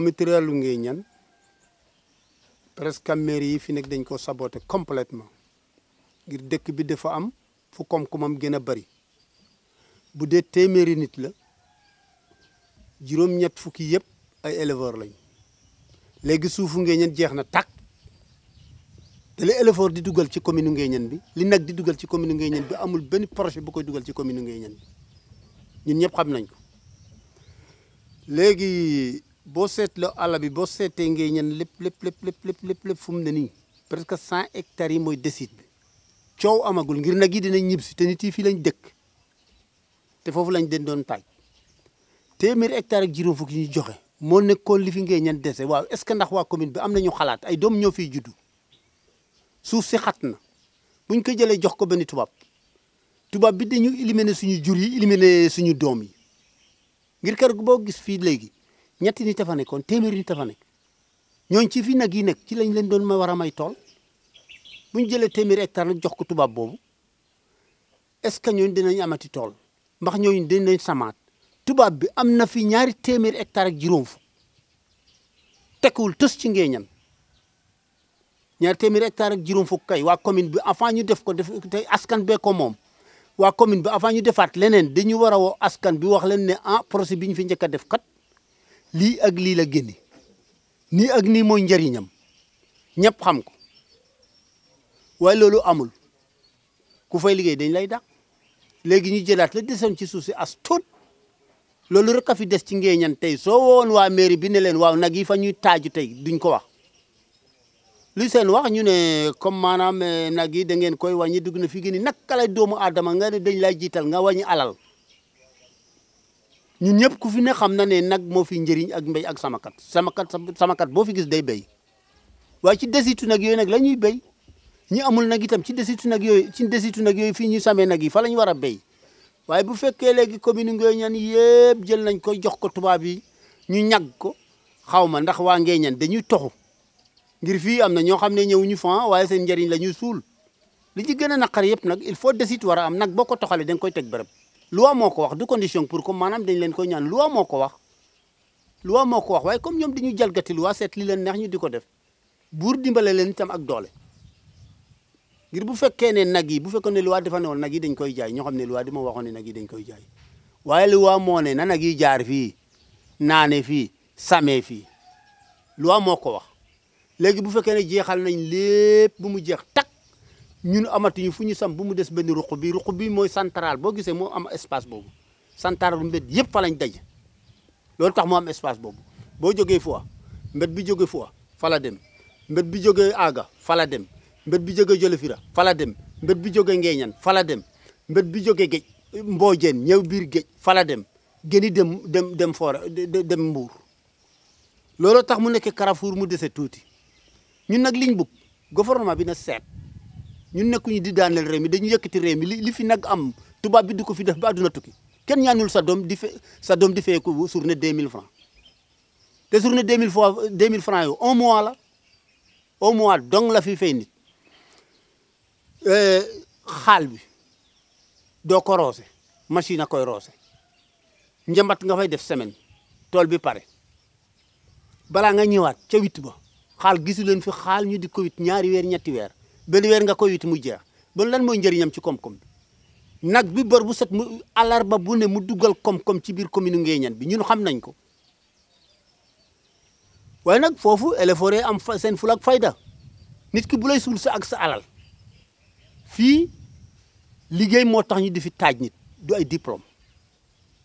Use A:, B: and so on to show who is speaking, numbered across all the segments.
A: matériel lu ngay ñan presque mairie yi fi nekk dañ ko saboté complètement ngir dëkk bi dafa am fu koom-koomam bari bu dee téeméeri nit la juróom-ñett fukki yëpp ay éleveur lañ léegi suufu ngéeñeen jeex na tàkk te li éleveur di ci commune bi li nag di dugal ci commune bi amul benn projet bu koy dugal ci commune ngéeñeen bi ñun ñëpp xam nañ ko boo seetloo àll bi boo seetee ngay ñan lépp lépp lépp lépp lépp lépp fu mu ne nii presque cent hectares yi mooy desit bi coow amagul ngir nag yi dinañ ñib si te nit yi fii lañ dëkk te foofu lañ den doon taaj téeméeri hectares ak juróom fukki ñu joxe moo nekkoon li fi ngay ñan dese waaw est-ce que ndax waa commune bi am nañu xalaat ay doom ñoo fiy juddu suuf si xat na buñ ko jëlee jox ko benni tubaab tubaab bi dañu éliminer suñu jur yi éliminer suñu doom yi ngir kër boo gis fii léegi ñetti nit a fa nekkoon téeméeri nit a fa ci fi nag yi nekk ci lañ leen doon ma war a may tool bu ñu jëlee téeméeri hectare nag jox ko tubaab boobu est-ce que ñooñu dinañ amati tool ndax ñooñu dinañ samaat tubaab bi am na fi ñaari téeméeri hectare ak juróom fu tekkiwul tës ci ngeeñan ñaari téeméeri hectare ak juróom fukk kay commune bi avant ñu def ko def tey askan bee ko moom waa commune bi avant ñu defaat leneen dañu war a woo askan bi wax leen ne ah projet bi ñu fi njëkk a def kat lii ak lii la génne nii ak nii mooy njariñam ñëpp xam ko waaye loolu amul ku fay liggéey dañ lay dàq léegi ñu jëlaat la desoon ci suuf si as tuut loolu rek a fi des ci ngeeñan tey soo woon waa mairie bi ne leen waaw nag yi fa ñuy taaju tey duñ ko wax li seen wax ñu ne comme maanaam eh, nag yi da ngeen koy wàññi dugg na fi gën nag kale doomu aadama nga ne dañ lay jiital nga wàññi alal ñun ñëpp ku fi ne xam na ne nag moo fi njëriñ ak mbéy ak samakat samakat samakat boo fi gis day béy waaye ci desitu nag yooyu nag la ñuy ñu amul nag itam ci desitu nag ci desitu nag yooyu fii ñu samee nag yi fa la ñu war a béy waaye bu fekkee léegi commune Ngoyniane yëpp jël nañ ko jox ko tubaab yi ñu ñag ko xaw ndax waa Ngoyniane dañuy toxu ngir fii am na ñoo xam ne ñëwuñu fan waaye seen njëriñ la ñuy suul li ci gën a naqar yëpp nag il faut desit wara am nag boo ko toxalee da koy teg bërëb loi moo ko wax du condition pour comme maanaam dañ leen koy ñaan loi moo ko wax loi moo ko wax waaye comme ñoom dañuy jalgati loi seet li leen neex ñu di ko def buur dimbale leen itam ak doole ngir bu fekkee ne nag yi bu fekkoon ne loi dafa ne woon nag yi dañ koy jaay ñoo xam ne loi di ma waxoon ne nag yi dañ koy jaay waaye loi moo ne na nag yi jaar fii naane fii samee fii loi moo ko wax léegi bu fekkee ne jeexal nañ lépp bu mu jeex ñun amatuñu fu ñu sambu mu des benn ruq bi ruq bi mooy central boo gisee moo am espace boobu central bu mbedd yëpp fa lañ daj loolu tax moo am espace boobu boo jogee fois mbed bi jóge fois fa la dem mbed bi jógee Aga fala dem mbed bi jógee Jolofira fa la dem mbed bi jógee Ngeeñan fa la dem mbed bi joge géej Mboojeen ñëw biir géej fala la dem gëni dem dem dem foora dem Mbuur looloo tax mu nekk Carrefour mu dese tuuti ñun nag liñ bugg gouvernement bi na seet ñun nekkuñu di daaneel réew mi dañu yëkkati réew mi li li fi nag am tubaab bi di ko fi def ba duna tukki kenn ñaanul sa doom di fe sa doom di feeku journée 2000 francs te journée 2000 fois 2000 mil yooyu un mois la un mois dong la fi fay nit euh, xaal bi doo ko roose machine a koy roose njambat nga fay def semaine tool bi pare balaa nga ñëwaat ca wit ba xaal gisu leen fi xaal ñu di ko wit ñaari weer ñetti weer benn wer nga ko yit mu jeex bon lan moy njëriñam ci kom kom nak bi bor bu set alarba bu ne mu duggal kom kom ci bir commune Nguéniène bi ñun xam nañ ko nak fofu ele foré am fa sen fulak fayda nit ki bu lay sul sa ak sa alal Fi liggey mo tax ñu di fi taaj nit du ay diplôme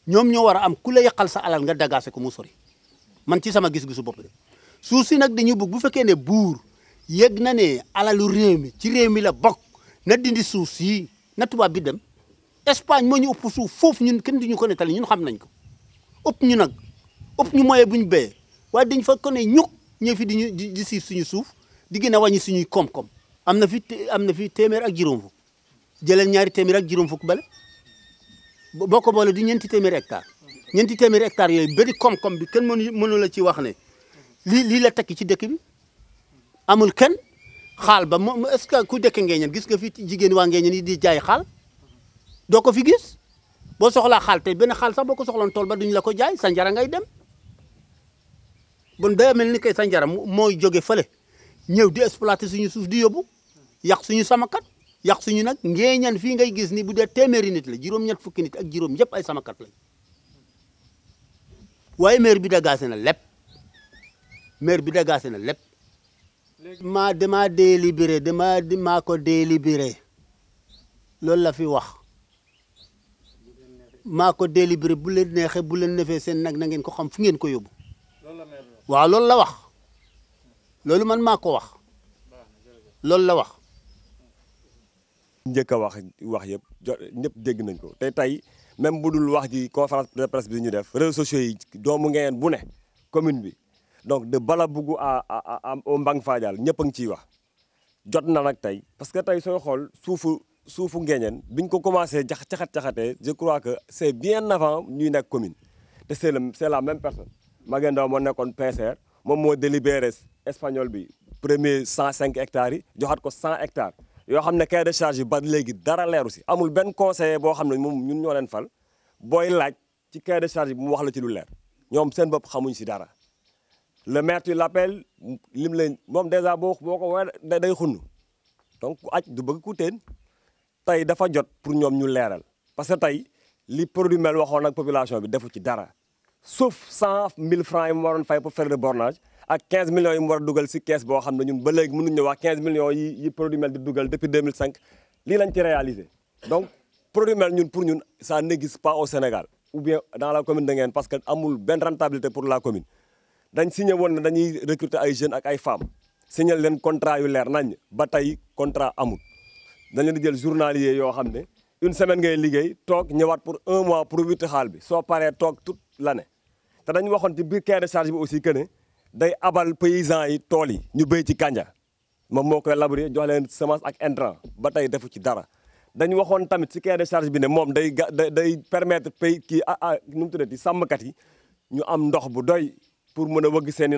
A: ñom ñoo wara am kula yakal sa alal nga dagasse ko mu sori man ci sama gis-gisu bop de suuf nak dañu bëgg bu ne yëg na ne alalu réew mi ci réew mi la bokk na dindi suuf si na tubaab bi dem Espagne moo ñu ëpp suuf foofu ñun kenn duñu ko nettali ñun xam nañ ko ëpp ñu nag ëpp ñu moyen bu ñu béyee waaye dañ fa ko ne ñuk ñëw fi di siif suñu suuf di gën a wàññi suñuy koom-koom am na fi am na fi téeméer ak juróom fukk jëleel ñaari téeméer ak juróom fukk bale boo boole di ñeenti téeméer hectare ñeenti téeméer hectare yooyu bëri koom-koom bi kenn mënu mënu la ci wax ne lii la tekki ci dëkk bi amul ken, xal ba moom est ce ku dëkk ngeeñeen gis nga fi jigen wa ngeeñeen yi di jaay xal doo ko fi gis bo soxla xal tay ben xal sax boko soxlon tol ba duñ la ko jaay sanjara ngay dem bon day mel ni kay sanjara moy joge fele ñew di exploiter suñu suuf di yobbu yàq suñu samakat Yak suñu nak ngeeñan fi ngay gis ni bu dee téeméeri nit la juroom ñet fukki nit ak juroom yépp ay samakat la waye maire bi dagaase na maire bi dagaase na ma dama délibéré dama maa ko délibéré loolu la fi wax maa ko délibéré bu leen neexee bu leen nefee seen nag na ngeen ko xam fu ngeen ko yóbbu waaw loolu la wax loolu man maa ko wax
B: loolu la wax njëkk a wax wax yëpp ñëpp dégg nañ ko te tey même bu dul wax ji conférence de presse bi ñu def réseaux sociaux yi doomu ngeen bu ne commune bi donc de bala à à à au Mbang Fadial ñëpp a ngi ciy wax jot na nag tey parce que tey sooy xool suufu suufu Nguéniène bi ñu ko commencé jax caxat caxatee je crois que c' est bien avant ñuy nekk commune te c' est la même personne Maguette Ndao moo nekkoon PCR moom moo délibéré espagnol bi premier cinq hectares yi joxaat ko cent hectares yoo xam ne cahier de charge yi ba léegi dara leeru si amul benn conseiller boo xam ne moom ñun ñoo leen fal booy laaj ci cahier de charge mu wax la ci lu leer ñoom seen bopp xamuñ si dara. le maire tu l'appelles lim dit mom déjà boko boo day xunn donc ku du bëgg ku teen tay dafa jot pour ñom ñu léral parce que tay li produit mel waxoon ak population bi defu ci dara sauf 100 000 francs yi mu fay pour faire le bornage ak 15 millions yi war a ci caisse, bo xamna ñun ba ñu 15 millions yi yi produit mel di depuis 2005 li lañ ci réalisé donc produit mel ñun pour ñun ça n'existe pas au Sénégal ou bien dans la commune de parce que amul ben rentabilité pour la commune dañ signé woon na dañuy recruter ay jeunes ak ay femmes signé leen contrat yu leer nañ ba tey contrat amul dañ leen jël journalier yoo xam ne une semaine ngay liggéey toog ñëwaat pour un mois pour witti xaal bi soo paree toog toute l'année te dañ waxoon ci biir cahier de charge bi aussi que ne day abal paysans yi tool yi ñu béy ci kanja moom moo koy labouré jox leen semence ak intrant ba tey defu ci dara dañu waxoon tamit ci cahier de charge bi ne moom day ga day permettre pays kii ah ah nu mu sàmmkat yi ñu am ndox bu doy pour mëna a wëgg seen i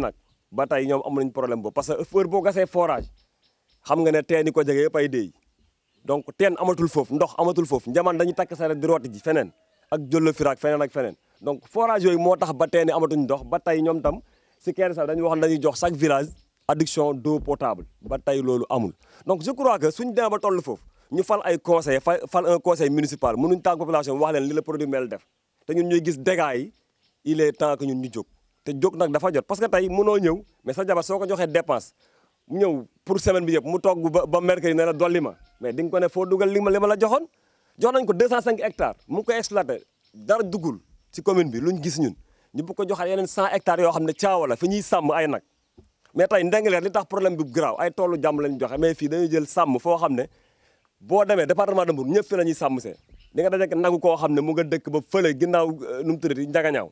B: ba tay ñom amu ñu problème bo parce que heure bo gassé forage xam nga né teen yi ko jégué yëpp ay déy donc amatul fof ndox amatul fof njaman dañu tak sa di roti ji fenen ak jollo firak fenen ak fenen donc forage yoy moo tax ba teen amatu ñu ndox ba tay ñom tam ci kër sa dañu wax dañu jox chaque village addiction d'eau potable ba tay lolu amul donc je crois que suñ dé ba tollu fof ñu fal ay conseil fal un conseil municipal mënuñ tànk population wax leen li le produit mel def té ñun ñuy gis dégâts yi il est temps que ñun ñu jox te jog nak dafa jot parce que tay mëno ñëw mais sa jabar soko joxe joxee dépense mu ñëw pour semaine bi yëp mu togg ba ba mercredi na la dolima mais ding ko ne fo duggal lima lima la joxon jox nañ ko 205 hectares mu ko exploiter dar duggul ci commune bi luñu gis ñun ñu bu ko joxal yeneen 100 hectares yo xam ne la fi ñi sam ay nak mais tey Ndingler li tax problème bi garaaw ay tollu jàmm lañ joxe mais fi dañu jël sam fo xam bo démé département de Mbour ñëpp fi lañuy sam sé di nga daje nag ko xam mu nga dëkk ba feulé ginnaw euh, nu tuddi ñaga ñaw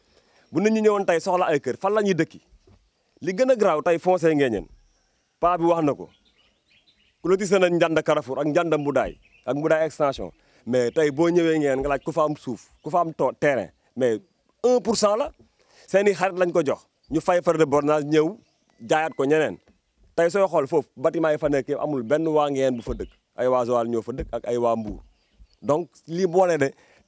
B: bu na ñu ñëwoon tey soxla ay kër fan la ñuy dëkki li gën a garaaw tey ngee Nguéniène paa bi wax na ko lotissé nañ Ndianda Carrefour ak Ndianda Mbudaay ak Mbudaay extension mais tey boo ñëwee Nguéniène nga laaj ku fa am suuf ku fa am terrain mais 1 pour cent la seen i xarit lañ ko jox ñu fay frais de bornage ñëw jaayaat ko ñeneen tey soo xool foofu bâtiment yi fa nekk amul benn waa ngeen bu fa dëkk ay waa Joal ñoo fa dëkk ak ay waa Mbour donc lii boole de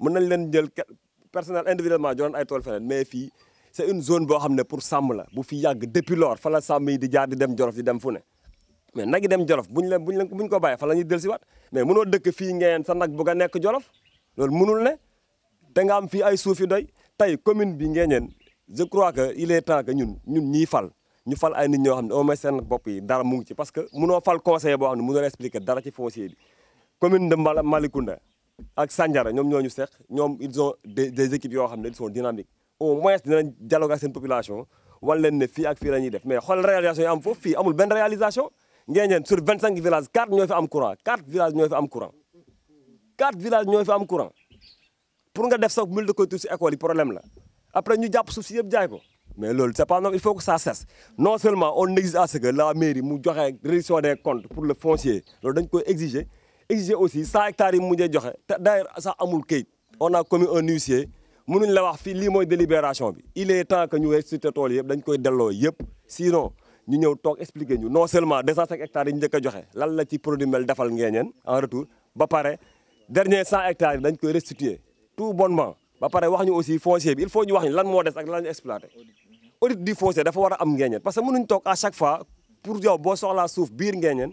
B: mën nañ leen jël personnel individuellement joxoon ay tool feneen mais fi c'est une zone boo xam ne pour sàmm la bu fi yàgg depuis lors fa la yi di jaar di dem Jolof di dem fu ne mais nag yi dem Jolof buñ leen buñ leen buñ ko bàyyee fa la ñuy dellu si waat mais mënoo dëkk fii ngeen sa nag bëgg a nekk Jolof loolu mënul ne te nga am fii ay suuf yu doy tey commune bi ngeen je crois que il est temps que ñun ñun ñiy fal ñu fal ay nit ñoo xam ne au moins seen bopp yi dara mu ngi ci parce que mënoo fal conseiller boo xam ne mënoo expliquer dara ci foncier bi commune de Malicounda ak Sandiara ils ont des équipes qui ils sont dynamiques au moins dinañ dialogue avec la population Mais leen ak la mais réalisation yi am foofu fii amul réalisation sur 25 villages 4 villages courant 4 villages ont fi courant 4 villages ñoo courant pour nga def sa mule de couture si école problème après ñu avons des soucis. mais c'est pas il faut que ça cesse non seulement on exige à ce que la mairie mu joxe reddition des comptes pour le foncier loolu dañ koy exiger exigé aussi 100 hectares yi mujjee joxe te d'ailleurs sax amul keuy on a commis un huissier mënuñ la wax fi li moy délibération bi il est temps que ñu restitué tool yépp dañ koy delloo yépp sinon ñu ñëw tok expliquer ñu non seulement 205 hectares yi ñu njëkk a joxe lan la ci produit mel defal ngeeneen en retour ba paré dernier 100 hectares dañ koy restituer tout bonnement ba paré wax ñu aussi foncier bi il faut ñu wax lan mo des ak lan ñu exploité audit du foncier dafa wara am ngeeneen parce que mënuñ tok à chaque fois pour yow boo soxlaa souf biir ngeeneen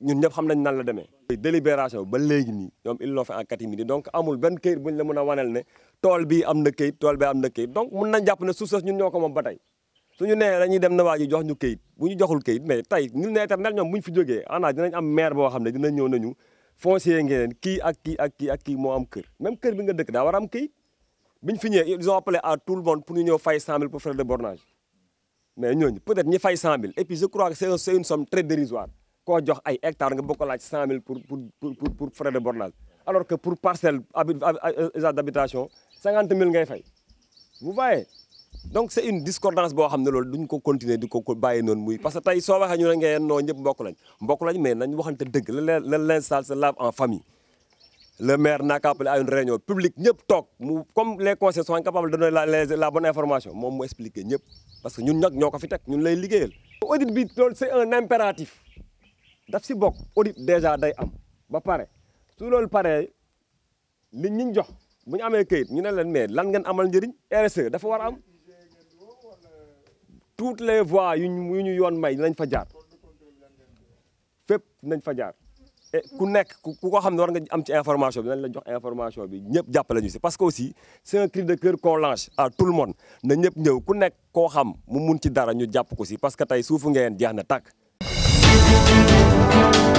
B: ñun ñëpp xam nañ nan la demee. délibération ba léegi nii ñoom ils l'ont fait en catimini donc amul benn këyit buñ la mën a waneel ne tool bi am na këyit tool bi am na këyit donc mun nañ jàpp ne suuf ñun ñoo ko moom ba tey suñu nee dañuy dem na waa ji jox ñu këyit bu ñu joxul këyit mais tey ñu ne tamit ñoom bu ñu fi jógee ana dinañ am maire boo xam ne dina ñëw nañu foncier ngeen kii ak kii ak kii ak kii moo am kër même kër bi nga dëkk daa war a am këyit pour alors que pour parcelle euh, d'habitation vous voyez donc c'est une discordance continuer à la parce que nous ñu choses. en famille le maire n'a qu'à à une réunion publique comme les conseils sont incapables de donner la bonne information je mu expliquer parce que nous des c'est un impératif daf si bokk audit dèjà day am ba pare su loolu pare nit ñi jox bu ñu amee kayit ñu ne leen mais lan ngeen amal njëriñ RSE dafa war a am toutes les voies yu ñu yu ñu yoon may nañ fa jaar fépp nañ fa jaar et ku nekk ku ko xam ne war nga am ci information bi nañ la jox information bi ñëpp jàppale ñu si parce que aussi c'est un cri de cœur qu'on lance à tout le monde na ñëpp ñëw ku nekk koo xam mu mun ci dara ñu jàpp ko si parce que tey suufu ngeen jeex na tàkk Thank you.